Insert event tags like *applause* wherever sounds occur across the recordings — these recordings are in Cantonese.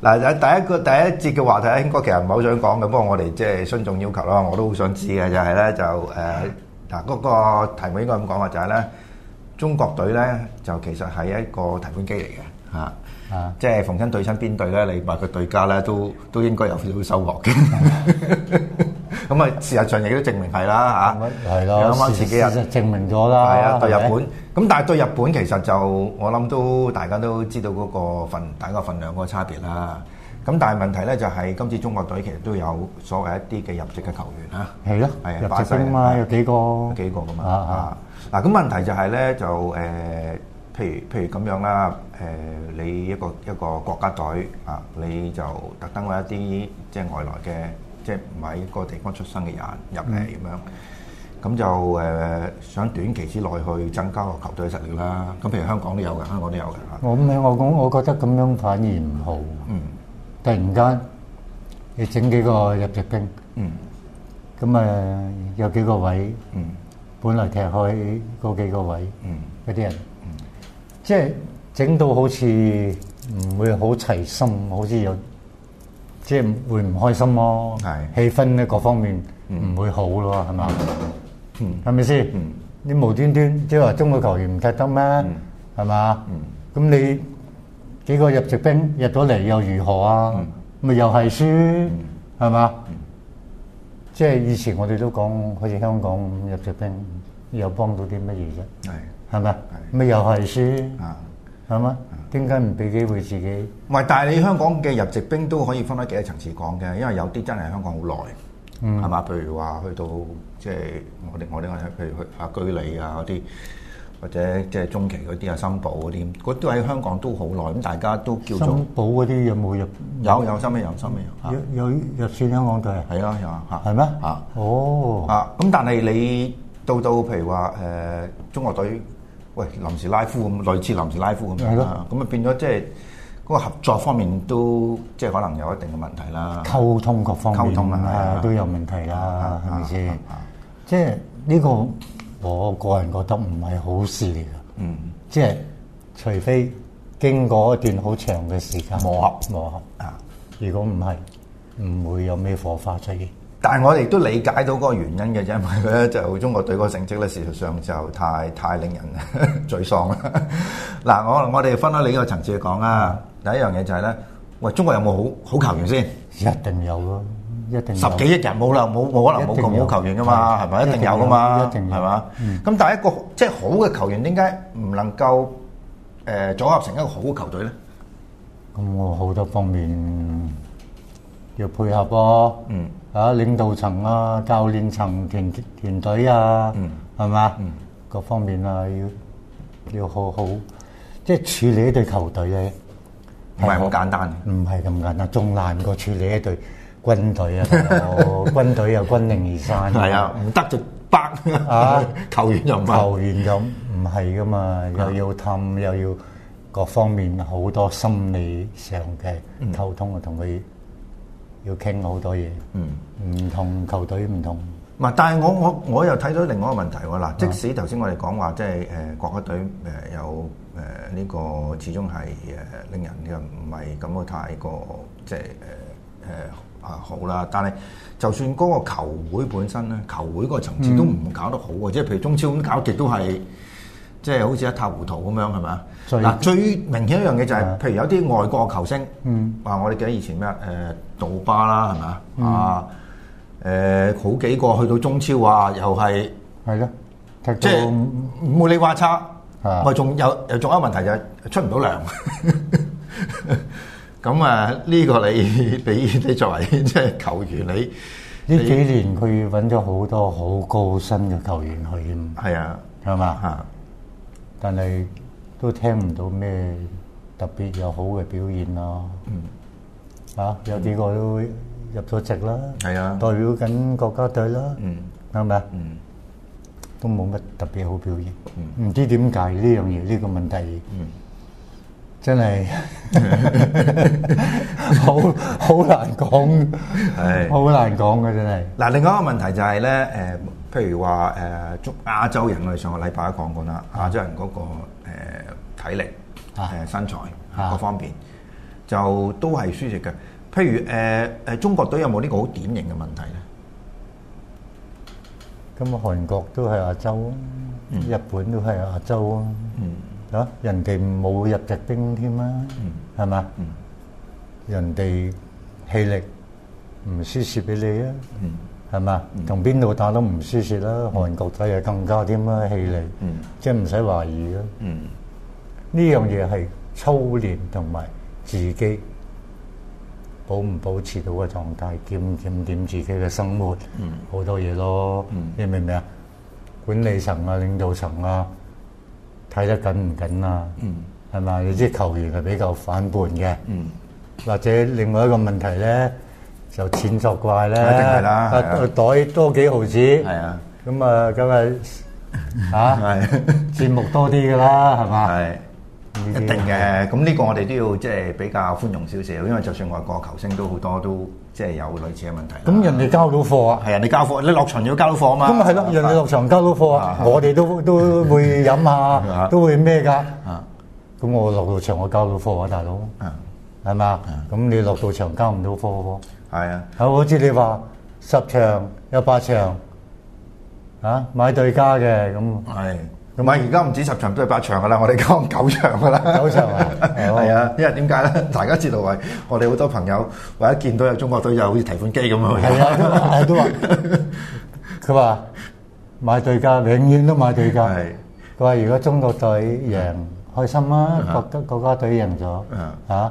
嗱，就第一個第一節嘅話題啊，興哥其實唔係好想講嘅，不過我哋即係遵眾要求啦，我都好想知嘅就係、是、咧就誒嗱嗰個題目應該咁講話，就係、是、咧中國隊咧就其實係一個提款機嚟嘅嚇，即係逢親對親邊隊咧，你話佢對家咧都都應該有少少收穫嘅。啊 *laughs* 咁啊，事實上亦都證明係啦嚇，係咯，事實證明咗啦。係啊，對日本。咁但係對日本其實就我諗都大家都知道嗰個份，大家個份量嗰個差別啦。咁但係問題咧就係今次中國隊其實都有所謂一啲嘅入籍嘅球員嚇。係咯，入籍兵嘛，有幾個？有幾個㗎嘛？啊啊！嗱，咁問題就係咧，就誒，譬如譬如咁樣啦，誒，你一個一個國家隊啊，你就特登揾一啲即係外來嘅。即係唔係一個地方出生嘅人入嚟咁樣，咁就誒、呃、想短期之內去增加個球隊嘅實力啦。咁譬如香港都有嘅，香港都有嘅嚇。我唔係我講，我覺得咁樣反而唔好。嗯，突然間你整幾個入籍兵，嗯，咁誒、嗯、有幾個位，嗯，本嚟踢開嗰幾個位，嗯，嗰啲人，嗯、即係整到好似唔會好齊心，好似有。即係會唔開心咯，氣氛咧各方面唔會好咯，係嘛？嗯，係咪先？嗯，你無端端即係話中國球員唔踢得咩？嗯，係嘛？嗯，咁你幾個入籍兵入咗嚟又如何啊？咪又係輸，係嘛？嗯，即係以前我哋都講，好似香港入籍兵又幫到啲乜嘢啫？係，係咪啊？咪又係輸啊！係嘛？點解唔俾機會自己？唔係，但係你香港嘅入籍兵都可以分開幾多層次講嘅，因為有啲真係香港好耐，係嘛、嗯？譬如話去到即係我哋我哋我譬如去阿居里啊嗰啲，或者即係中期嗰啲啊，森保嗰啲，嗰都喺香港都好耐，咁大家都叫做森保嗰啲有冇入？有有，森咩入？森咩有、嗯、有，有入選香港隊？係啊，有嗎啊，係咩？啊，哦，啊咁，但係你到到譬如話誒、呃、中國隊。喂，臨時拉夫咁，類似臨時拉夫咁樣啦，咁啊的變咗即係嗰個合作方面都即係可能有一定嘅問題啦。溝通各方面溝通啊，啊都有問題啦、啊，係咪先？即係呢、呢個我個人覺得唔係好事嚟㗎。嗯，即係除非經過一段好長嘅時間磨合，磨合啊，啊！如果唔係，唔會有咩火花出現。但係我哋都理解到嗰個原因嘅，因為咧就中國隊嗰成績咧，事實上就太太令人沮喪啦。嗱，我我哋分開另一個層次去講啦。第一樣嘢就係咧，喂，中國有冇好好球員先？一定有咯，一定十幾億人冇啦，冇冇可能冇咁好球員㗎嘛？係咪？一定有㗎嘛？一定係嘛？咁但係一個即係好嘅球員，點解唔能夠誒組合成一個好嘅球隊咧？咁我好多方面要配合噃，嗯。啊！領導層啊，教練層團團隊啊，係嘛？各方面啊，要要好好，即係處理一隊球隊咧，唔係好簡單。唔係咁簡單，仲難過處理一隊軍隊啊！軍隊有軍令而散，係啊，唔得就崩啊！球員又唔係。球員就唔係㗎嘛，又要氹，又要各方面好多心理上嘅溝通啊，同佢。要傾好多嘢，嗯，唔同球隊唔同。唔係，但係我我我又睇到另外一個問題喎，嗱，即使頭先我哋講話即係誒國家隊誒有誒呢個始終係誒令人又唔係咁麼太過即係誒誒啊好啦，但係就算嗰個球會本身咧，球會嗰個層次都唔搞得好喎，即係、嗯、譬如中超咁搞極都係。即係好似一塌糊塗咁樣，係咪？嗱，最明顯一樣嘢就係，譬如有啲外國球星，嗯，話我哋記得以前咩誒杜巴啦，係咪、yeah.？啊？誒，好幾個去到中超啊，又係係咯，即係冇你話差，我仲有又仲一個問題就係出唔到糧。咁啊、uh,，呢個你你你，你作為即係球員，你呢幾年佢揾咗好多好高薪嘅球員去嘅，係啊，係嘛？但係都聽唔到咩特別有好嘅表現啦。嗯。啊，hmm. 有幾個都入咗籍啦。係啊。代表緊國家隊啦。嗯、hmm.。明唔明啊？嗯。都冇乜特別好表現。唔、hmm. 知點解呢樣嘢呢個問題？嗯、hmm.。真係、hmm.。好好難講。係。好難講嘅真係。嗱，另外一個問題就係咧，誒。MM 譬如話誒，中、呃、亞洲人我哋上個禮拜都講過啦，亞洲人嗰、那個誒、呃、體力、誒、啊呃、身材各方面、啊、就都係輸蝕嘅。譬如誒誒、呃，中國隊有冇呢個好典型嘅問題咧？咁啊、嗯，韓國都係亞洲，日本都係亞洲啊，嗯、啊，人哋冇入籍兵添啊，係嘛？人哋氣力唔輸蝕俾你啊！嗯係嘛？同邊度打都唔輸蝕啦！韓國仔又更加啲乜氣力，即係唔使懷疑咯、啊。呢、嗯、樣嘢係操練同埋自己保唔保持到嘅狀態，檢檢點自己嘅生活好、嗯、多嘢咯。嗯、你明唔明啊？管理層啊、領導層啊，睇得緊唔緊啊？係咪、嗯？你啲球員係比較反叛嘅，嗯、或者另外一個問題咧。就錢作怪咧，一定係啦，袋多幾毫子，咁啊，咁啊，嚇節目多啲噶啦，係嘛？一定嘅。咁呢個我哋都要即係比較寬容少少，因為就算外國球星都好多都即係有類似嘅問題。咁人哋交到貨啊？係啊，人哋交貨，你落場要交到貨嘛？咁咪係咯，人哋落場交到貨，我哋都都會飲下，都會咩㗎？咁我落到場我交到貨啊，大佬，係嘛？咁你落到場交唔到貨？係是啊，好，好好似你話十場有八場啊，買對家嘅咁。係，同埋而家唔止十場都係八場噶啦，我哋講九場噶啦，九場啊，係啊，因、啊、為點解咧？大家知道，我我哋好多朋友，或者見到有中國隊又好似提款機咁啊。係啊，都話，佢話買對家，永遠都買對家。係，佢話如果中國隊贏，開心啊！國國家隊贏咗啊！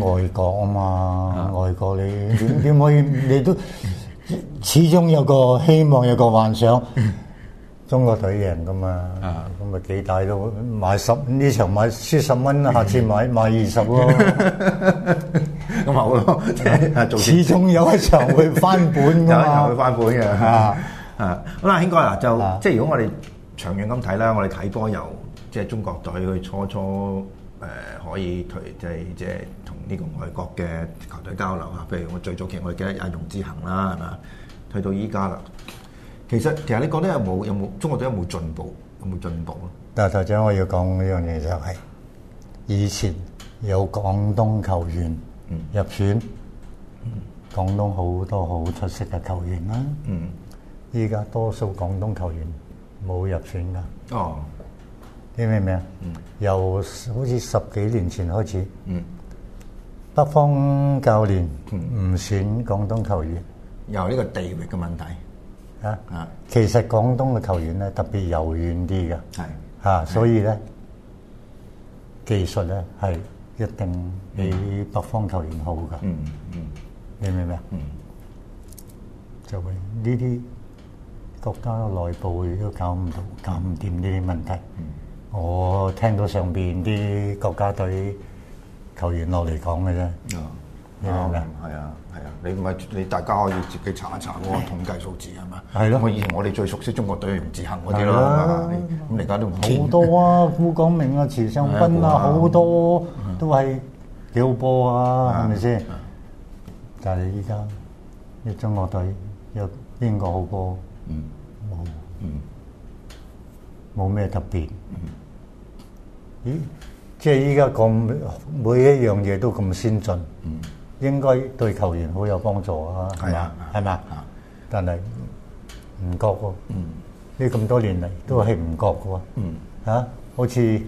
外國啊嘛，啊外國你點可以？你都始終有個希望，有個幻想，中國隊贏噶嘛。咁咪幾大都買十呢場買七十蚊，下次買買二十咯，咁咪好咯。就是、做事 始終有一場會翻本，噶嘛，有 *laughs* 一場會翻本嘅。啊啊 *laughs* *laughs* 咁啊，祥哥嗱，就即係如果我哋長遠咁睇啦，我哋睇波由即係、就是、中國隊佢初初誒可以退、就是、即係即係。即呢個外國嘅球隊交流嚇，譬如我最早期我哋記得阿容志行啦，係嘛？去到依家啦，其實其實你覺得你有冇有冇中國隊有冇進步？有冇進步咧？但係頭先我要講呢樣嘢就係、是、以前有廣東球員入選，廣、嗯、東好多好出色嘅球員啦。依家、嗯、多數廣東球員冇入選㗎。哦，你明唔明啊？嗯、由好似十幾年前開始。嗯北方教練唔選廣東球員，由呢個地域嘅問題嚇。啊、其實廣東嘅球員咧特別柔軟啲嘅，嚇，所以咧是技術咧係一定比北方球員好㗎。嗯、你明唔明啊？嗯、就會呢啲、嗯、國家內部都搞唔到、搞唔掂呢啲問題。嗯、我聽到上邊啲國家隊。球員落嚟講嘅啫，啱嘅，係啊，係啊，你唔係你大家可以自己查一查嗰個統計數字係嘛？係咯，我以前我哋最熟悉中國隊容志行嗰啲咯，咁而家都唔好多啊，古廣明啊，遲尚斌啊，好多都係好波啊，係咪先？但係依家你中國隊有邊個好波？嗯，冇，嗯，冇咩特別。咦？即係依家咁每一樣嘢都咁先進，應該對球員好有幫助啊，係嘛？係咪？但係唔覺喎，呢咁多年嚟都係唔覺嘅喎，嚇？好似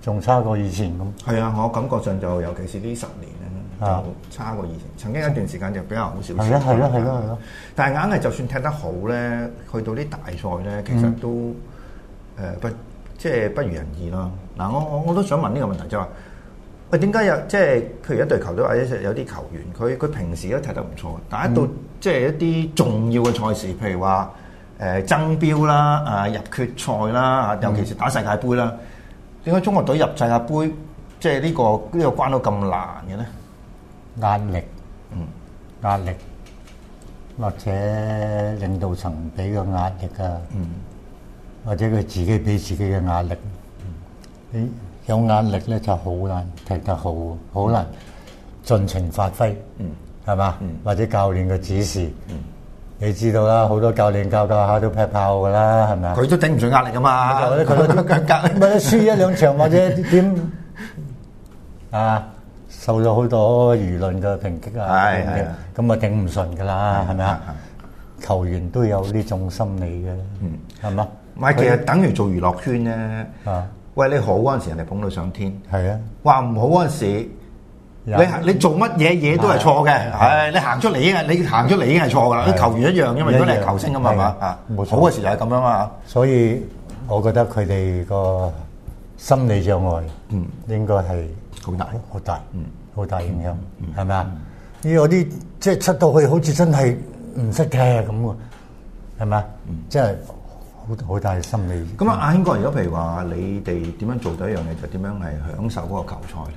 仲差過以前咁。係啊，我感覺上就尤其是呢十年咧，就差過以前。曾經一段時間就比較好少少，係啦，係啦，係啦。但係硬係就算踢得好咧，去到啲大賽咧，其實都誒不。即係不如人意咯。嗱，我我我都想問呢個問題，就係：喂，點解有即係？譬如一隊球隊或者有啲球員，佢佢平時都踢得唔錯，但係一到、嗯、即係一啲重要嘅賽事，譬如話誒、呃、爭標啦、啊、呃、入決賽啦，尤其是打世界盃啦，點解、嗯、中國隊入世界盃即係、呢、呢個呢、呢個關都咁難嘅咧？壓力，嗯，壓力，或者領導層俾嘅壓力啊，嗯。或者佢自己俾自己嘅壓力，你有壓力咧就好難踢得好，好難盡情發揮，係嘛？或者教練嘅指示，你知道啦，好多教練教教下都劈炮㗎啦，係咪啊？佢都頂唔住壓力㗎嘛。佢都佢都佢唔係啊！輸一兩場或者點啊？受咗好多輿論嘅抨擊啊！係係啊！咁啊頂唔順㗎啦，係咪啊？球員都有呢種心理㗎，係嘛？咪其實等於做娛樂圈咧。喂，你好嗰陣時，人哋捧到上天。係啊，話唔好嗰陣時，你你做乜嘢嘢都係錯嘅。係你行出嚟啊，你行出嚟已經係錯㗎喇。啲球員一樣，因為如果你係球星咁啊嘛啊，冇錯，好嗰時就係咁樣啊。所以我覺得佢哋個心理障礙，嗯，應該係好大好大，嗯，好大影響，係咪啊？呢嗰啲即係出到去好似真係唔識踢咁啊，係咪啊？嗯，即係。好大嘅心理咁啊，阿興哥，如果譬如話你哋點樣做第一樣嘢，就點樣係享受嗰個球賽咧？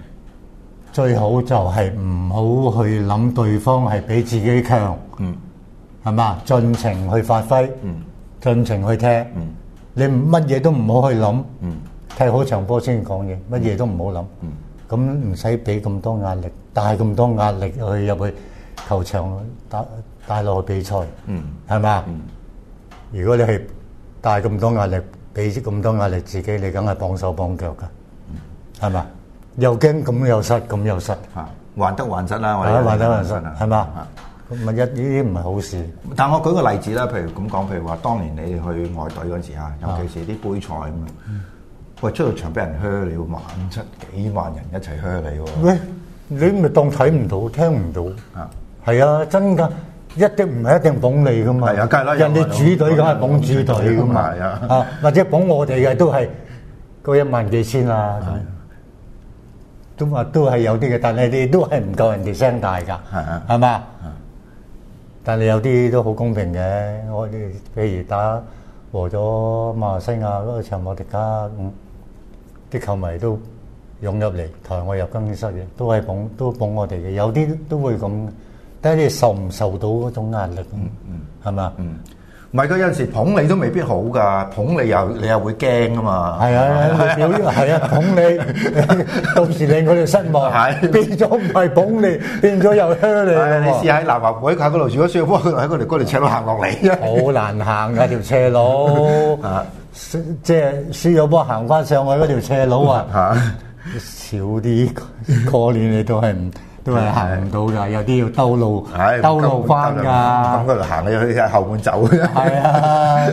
最好就係唔好去諗對方係比自己強，嗯，係嘛，盡情去發揮，嗯，盡情去踢，嗯，你乜嘢都唔好去諗，嗯，踢好場波先講嘢，乜嘢都唔好諗，嗯，咁唔使俾咁多壓力，帶咁多壓力去入去球場打帶落去比賽，嗯，係嘛，嗯，如果你係。帶咁多壓力，俾咁多壓力自己你幫幫，你梗係綁手綁腳噶，係咪？又驚咁又失，咁又失，患得患失啦，係咪？還得患失啊，係嘛？咁咪一呢啲唔係好事。但我舉個例子啦，譬如咁講，譬如話當年你去外隊嗰陣時、啊啊、尤其是啲杯賽咁啊，喂出到場俾人噓，你要萬七幾萬人一齊噓你喎。喂，你咪當睇唔到，嗯、聽唔到啊？係啊，真㗎。真一定唔係一定捧你噶嘛，人哋主隊梗係捧主隊噶嘛。啊或者捧我哋嘅都係嗰一萬幾千啦，咁啊都係有啲嘅，但係你都係唔夠人哋聲大噶，係嘛？但係有啲都好公平嘅，我哋譬如打和咗馬來西亞嗰場我哋加五，啲球迷都湧入嚟抬我入更衣室嘅，都係捧都捧我哋嘅，有啲都會咁。睇你受唔受到嗰種壓力，嗯，係咪嗯，唔係，佢有時捧你都未必好噶，捧你又你又會驚啊嘛。係啊，表係、這個、 *laughs* 啊，捧你，到時令佢哋失望，啊、變咗唔係捧你，變咗又靴、呃、你。係、哎、 *laughs* 啊，你試喺南華會街嗰度住如果輸波，喺嗰、 *laughs* 就是、條斜路行落嚟，好難行啊條斜路啊，即係輸咗波行翻上去嗰條斜路啊。少啲過年， *laughs* *laughs* 你都係唔～都係行唔到噶，有啲要兜路，兜路翻噶。咁嗰度行你去後門走。係啊，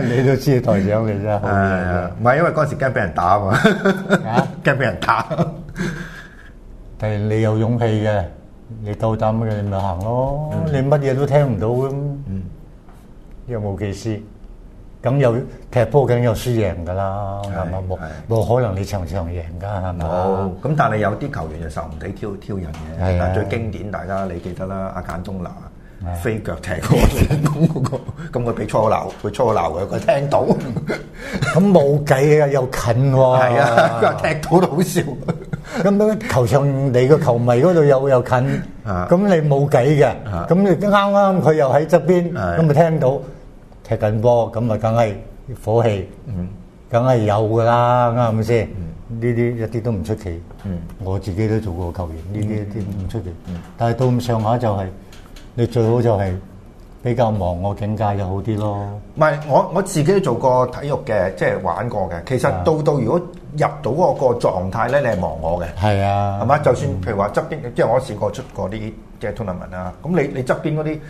你都知台長你真係。唔係因為嗰時驚俾人打嘛，驚俾人打。但係你有勇氣嘅，你斗膽嘅，你咪行咯。你乜嘢都聽唔到咁，若無其事。咁又踢波，梗又輸贏噶啦，係嘛，冇冇可能你場場贏噶，係嘛？冇咁，但係有啲球員就受唔起挑挑人嘅。係啊！但最經典大家你記得啦，阿簡東拿飛腳踢波成功嗰個，咁佢俾粗口鬧，佢粗口鬧嘅，佢聽到，咁冇計嘅，又近喎。係啊！佢話踢到都好笑。咁樣球場你個球迷嗰度又又近，咁你冇計嘅。咁你都啱啱佢又喺側邊，咁咪聽到。踢緊波咁啊，梗係火氣，梗係有㗎啦，啱係咪先？呢啲一啲都唔出奇。我自己都做過球員，呢啲一啲唔出奇。但係到咁上下就係，你最好就係比較忙我境界就好啲咯。唔係，我我自己都做過體育嘅，即係玩過嘅。其實到到如果入到個個狀態咧，你係忙我嘅。係啊，係嘛？就算譬如話側邊，即係我試過出過啲嘅係 tournament 啦。咁你你側邊嗰啲。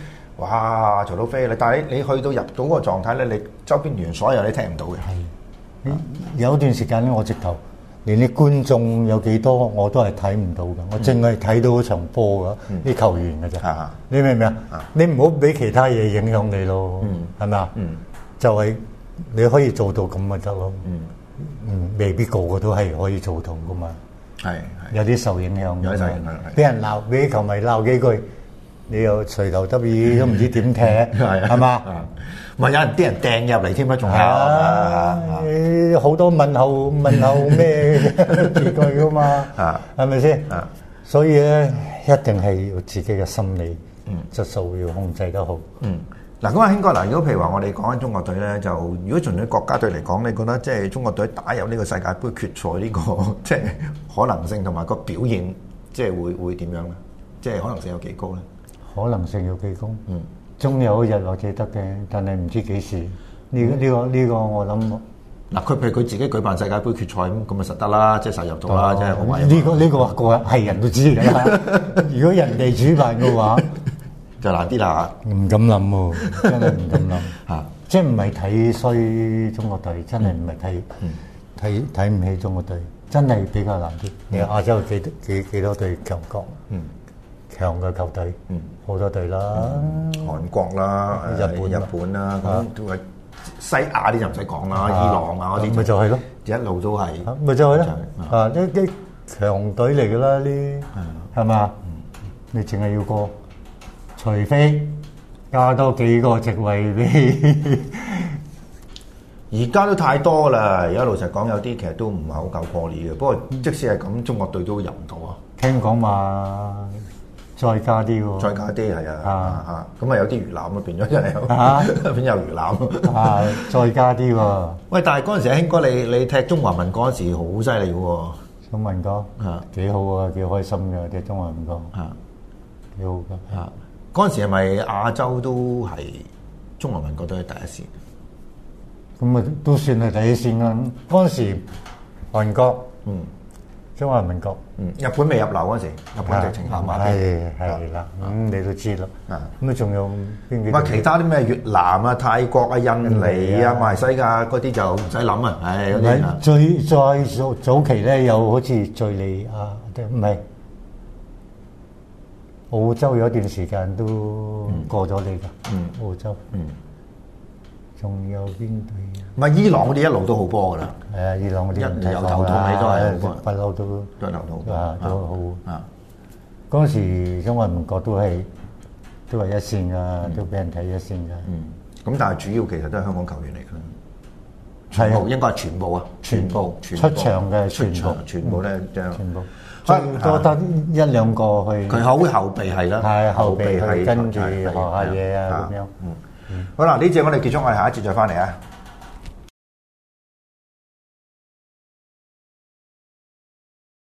哇，做到飛啦！但係你去到入到嗰個狀態咧，你周邊源所有你聽唔到嘅。係，有段時間咧，我直頭連啲觀眾有幾多我都係睇唔到嘅，我淨係睇到嗰場波嘅啲球員嘅啫。你明唔明啊？你唔好俾其他嘢影響你咯，係咪？就係你可以做到咁咪得咯。嗯，未必個個都係可以做到㗎嘛。係，有啲受影響，有啲受影響，俾人鬧，俾啲球迷鬧幾句。你又垂頭耷耳都唔知點踢，係嘛？咪有人啲人掟入嚟添啊？仲有好多問候問候咩結句噶嘛？係咪先？所以咧，一定係要自己嘅心理質素要控制得好。嗯，嗱，咁啊，興哥嗱，如果譬如話我哋講緊中國隊咧，就如果從啲國家隊嚟講，你覺得即係中國隊打入呢個世界盃決賽呢個即係可能性同埋個表現，即係會會點樣咧？即係可能性有幾高咧？可能性要幾高？嗯，終有一日我記得嘅，但係唔知幾時。呢呢個呢個我諗，嗱佢，譬如佢自己舉辦世界盃決賽咁，咁咪實得啦，即係實入到啦，即係我話。呢個呢個話個係人都知嘅。如果人哋主辦嘅話，就難啲啦。唔敢諗，真係唔敢諗啊！即係唔係睇衰中國隊，真係唔係睇睇睇唔起中國隊，真係比較難啲。你亞洲幾多幾幾多隊強國？嗯。強嘅球隊，嗯，好多隊啦，韓國啦，日本日本啦，咁都係西亞啲就唔使講啦，伊朗啊嗰啲，咪就係咯，一路都係，咪就係咧，啊，一啲強隊嚟噶啦呢，係咪啊？你淨係要過，除非加多幾個席位畀，而家都太多啦，而家老實講有啲其實都唔係好夠破例嘅，不過即使係咁，中國隊都入唔到啊，聽講話。再加啲喎，再加啲係啊，嚇咁啊，啊有啲魚腩變啊，變咗嚟，變又魚腩啊，再加啲喎。喂， *laughs* 但係嗰陣時，興哥你你踢中華民國嗰陣時好犀利喎。中華民國啊，幾好啊，幾開心嘅踢中華民國，啊，幾好㗎嚇。嗰陣、啊啊、時係咪亞洲都係中華民國都係第一線？咁啊都算係第一線㗎。嗰陣時，韓國嗯。中華民國，日本未入流嗰時，日本就情麻麻嘅，係係啦，咁你都知啦。咁啊，仲有邊啲？唔係其他啲咩越南啊、泰國啊、印尼啊、馬來西亞嗰啲就唔使諗啊。係咁樣啦。最再早早期咧，又好似敘利亞，唔係澳洲有一段時間都過咗你㗎，澳洲。仲有邊隊？唔係伊朗嗰啲一路都好波噶啦。係啊，伊朗嗰啲一路都係波。不嬲都都係流到波，都好。嗰陣時，因為唔覺都係都係一線噶，都俾人睇一線噶。嗯，咁但係主要其實都係香港球員嚟噶。係啊，應該係全部啊，全部出場嘅全部，全部咧張。全部唔多得一兩個去。佢好後備係啦，係後備係跟住學下嘢啊咁樣。嗯、好啦，呢節我哋結束，我哋下一節再翻嚟啊。